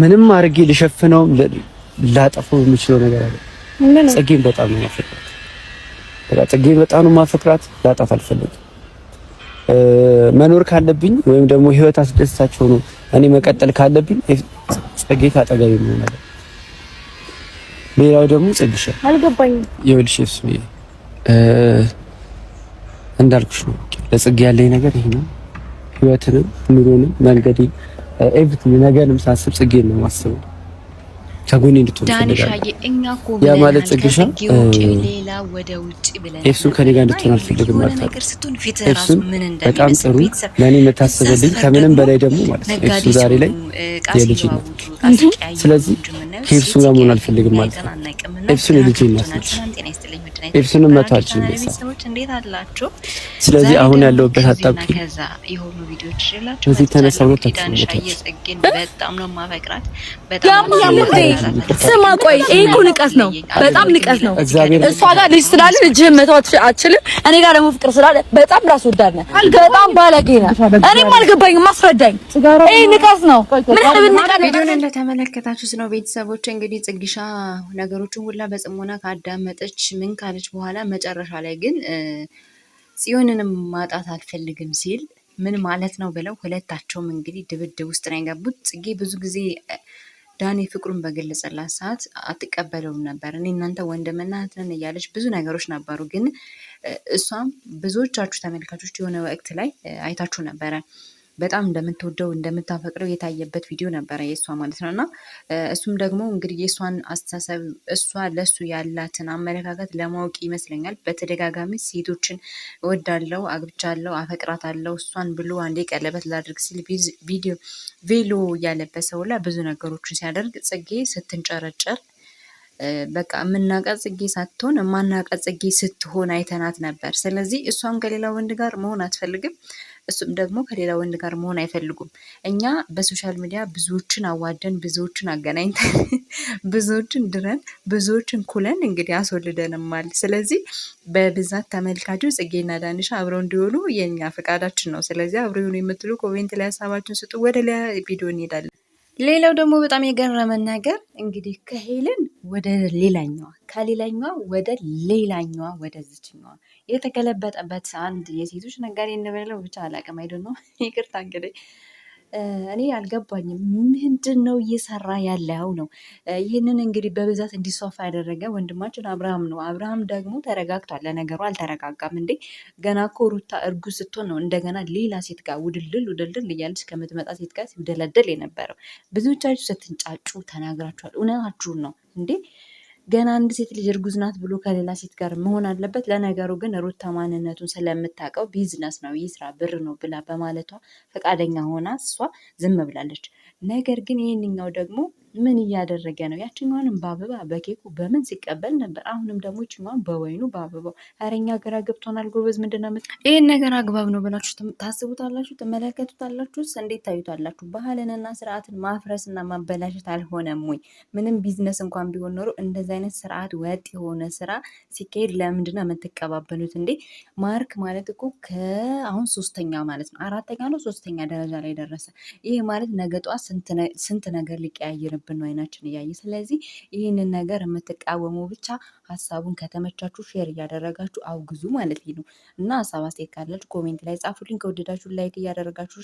ምንም አድርጌ ልሸፍነው ላጠፈው የምችለው ነገር አለ። ጽጌን በጣም ነው የማፈቅራት። በቃ ጽጌን በጣም ነው የማፈቅራት። ላጣት አልፈልግም። መኖር ካለብኝ ወይም ደግሞ ህይወት አስደሳቸው ነው እኔ መቀጠል ካለብኝ ጽጌ ካጠገቤ መሆን ሌላው ደግሞ ጽግሽ አልገባኝ ይኸውልሽ እሱ እንዳልኩሽ ነው። ለጽጌ ያለኝ ነገር ይሄ ነው። ህይወትንም ኑሮንም መንገዴ ኤቭሪቲንግ ነገንም ሳስብ ጽጌ ነው የማስበው። ከጎኔ እንድትሆን ፈልጋለሁ። ያ ማለት ጽጌሻ ኤፍሱን ከኔ ጋር እንድትሆን አልፈልግም ማለት ኤፍሱን በጣም ጥሩ ለእኔ የምታስብልኝ ከምንም በላይ ደግሞ ማለት ነው ኤፍሱ ዛሬ ላይ የልጅ ነው። ስለዚህ ከኤፍሱ ጋር መሆን አልፈልግም ማለት ነው። ኤፍሱን የልጅ ናት ነች ኤፍሱንም መቶ አልችልም። ቤተሰቦች እንዴት አላችሁ? ስለዚህ አሁን ያለውበት አጣብቂ ከዛ የሆኑ ቪዲዮዎች ይላችሁ እዚህ ተነሳው ነው ተጽግን በጣም ነው ማፈቅራት። በጣም ስማ፣ ቆይ ይሄ እኮ ንቀት ነው፣ በጣም ንቀት ነው። እሷ ጋር ልጅ ስላለ ልጅህን መቶ አትችልም። እኔ ጋር ደግሞ ፍቅር ስላለ በጣም ራስ ወዳድ ነህ፣ በጣም ባለጌ ነህ። እኔም አልገባኝም፣ አስረዳኝ። ይሄ ንቀት ነው። ምን ቪዲዮን እንደተመለከታችሁት ነው ቤተሰቦች። እንግዲህ ጽግሻ ነገሮችን ሁላ በጽሞና ካዳመጠች ምን ካለች በኋላ መጨረሻ ላይ ግን ጽዮንንም ማጣት አልፈልግም ሲል ምን ማለት ነው ብለው ሁለታቸውም እንግዲህ ድብድብ ውስጥ ነው የገቡት። ጽጌ ብዙ ጊዜ ዳኔ ፍቅሩን በገለጸላት ሰዓት አትቀበለውም ነበር። እኔ እናንተ ወንድምና እህት ነን እያለች ብዙ ነገሮች ነበሩ። ግን እሷም ብዙዎቻችሁ ተመልካቾች የሆነ ወቅት ላይ አይታችሁ ነበረ በጣም እንደምትወደው እንደምታፈቅረው የታየበት ቪዲዮ ነበረ የእሷ ማለት ነው። እና እሱም ደግሞ እንግዲህ የእሷን አስተሳሰብ እሷ ለሱ ያላትን አመለካከት ለማወቅ ይመስለኛል በተደጋጋሚ ሴቶችን እወዳለሁ፣ አግብቻለሁ፣ አፈቅራታለሁ እሷን ብሎ አንዴ ቀለበት ላድርግ ሲል ቪዲዮ ቬሎ እያለበት ሰው ላይ ብዙ ነገሮችን ሲያደርግ ጽጌ ስትንጨረጨር በቃ የምናውቃት ጽጌ ሳትሆን የማናውቃት ጽጌ ስትሆን አይተናት ነበር። ስለዚህ እሷም ከሌላ ወንድ ጋር መሆን አትፈልግም። እሱም ደግሞ ከሌላ ወንድ ጋር መሆን አይፈልጉም። እኛ በሶሻል ሚዲያ ብዙዎችን አዋደን፣ ብዙዎችን አገናኝተን፣ ብዙዎችን ድረን፣ ብዙዎችን ኩለን እንግዲህ አስወልደንማል። ስለዚህ በብዛት ተመልካቹ ጽጌና ዳንሻ አብረው እንዲሆኑ የእኛ ፈቃዳችን ነው። ስለዚህ አብረው የሆኑ የምትሉ ኮሜንት ላይ ሀሳባችን ስጡ። ወደ ሌላ ቪዲዮ እንሄዳለን። ሌላው ደግሞ በጣም የገረመን ነገር እንግዲህ ከሄልን ወደ ሌላኛዋ ከሌላኛዋ ወደ ሌላኛዋ ወደ ዝችኛዋ የተገለበጠበት አንድ የሴቶች ነጋዴ እንበለው ብቻ አላቅም አይደ ነው ይቅርታ እንግዲህ እኔ አልገባኝም። ምንድን ነው እየሰራ ያለው ነው? ይህንን እንግዲህ በብዛት እንዲስፋፋ ያደረገ ወንድማችን አብርሃም ነው። አብርሃም ደግሞ ተረጋግቷል። ለነገሩ አልተረጋጋም እንዴ! ገና እኮ ሩታ እርጉዝ ስትሆን ነው እንደገና ሌላ ሴት ጋር ውድልል ውድልል እያለች ከምትመጣ ሴት ጋር ሲውደለደል የነበረው። ብዙዎቻችሁ ስትንጫጩ ተናግራችኋል። እውነታችሁን ነው እንዴ ገና አንድ ሴት ልጅ እርጉዝ ናት ብሎ ከሌላ ሴት ጋር መሆን አለበት? ለነገሩ ግን ሩታ ማንነቱን ስለምታውቀው ቢዝነስ ነው ይህ ስራ ብር ነው ብላ በማለቷ ፈቃደኛ ሆና እሷ ዝም ብላለች። ነገር ግን ይህንኛው ደግሞ ምን እያደረገ ነው? ያችኛዋንም በአበባ በኬኩ በምን ሲቀበል ነበር። አሁንም ደግሞ ይችኛዋን በወይኑ በአበባው። ኧረ እኛ ግራ ገብቶናል ጎበዝ። ምንድን ነው ይህን ነገር አግባብ ነው ብላችሁ ታስቡታላችሁ? ትመለከቱታላችሁ እንዴት ታዩታላችሁ? ባህልንና ስርዓትን ማፍረስና ማበላሸት አልሆነም ወይ? ምንም ቢዝነስ እንኳን ቢሆን ኖሮ እንደዚ አይነት ስርዓት ወጥ የሆነ ስራ ሲካሄድ ለምንድነው የምትቀባበሉት እንዴ? ማርክ ማለት እኮ ከአሁን ሶስተኛ ማለት ነው አራተኛ ነው ሶስተኛ ደረጃ ላይ ደረሰ። ይህ ማለት ነገጧ ስንት ነገር ሊቀያይር እየሆነብን ነው አይናችን እያየ። ስለዚህ ይህንን ነገር የምትቃወሙ ብቻ ሀሳቡን ከተመቻችሁ ሼር እያደረጋችሁ አውግዙ ማለት ነው። እና ሀሳብ አስተያየት ካላችሁ ኮሜንት ላይ ጻፉልኝ። ከወደዳችሁ ላይክ እያደረጋችሁ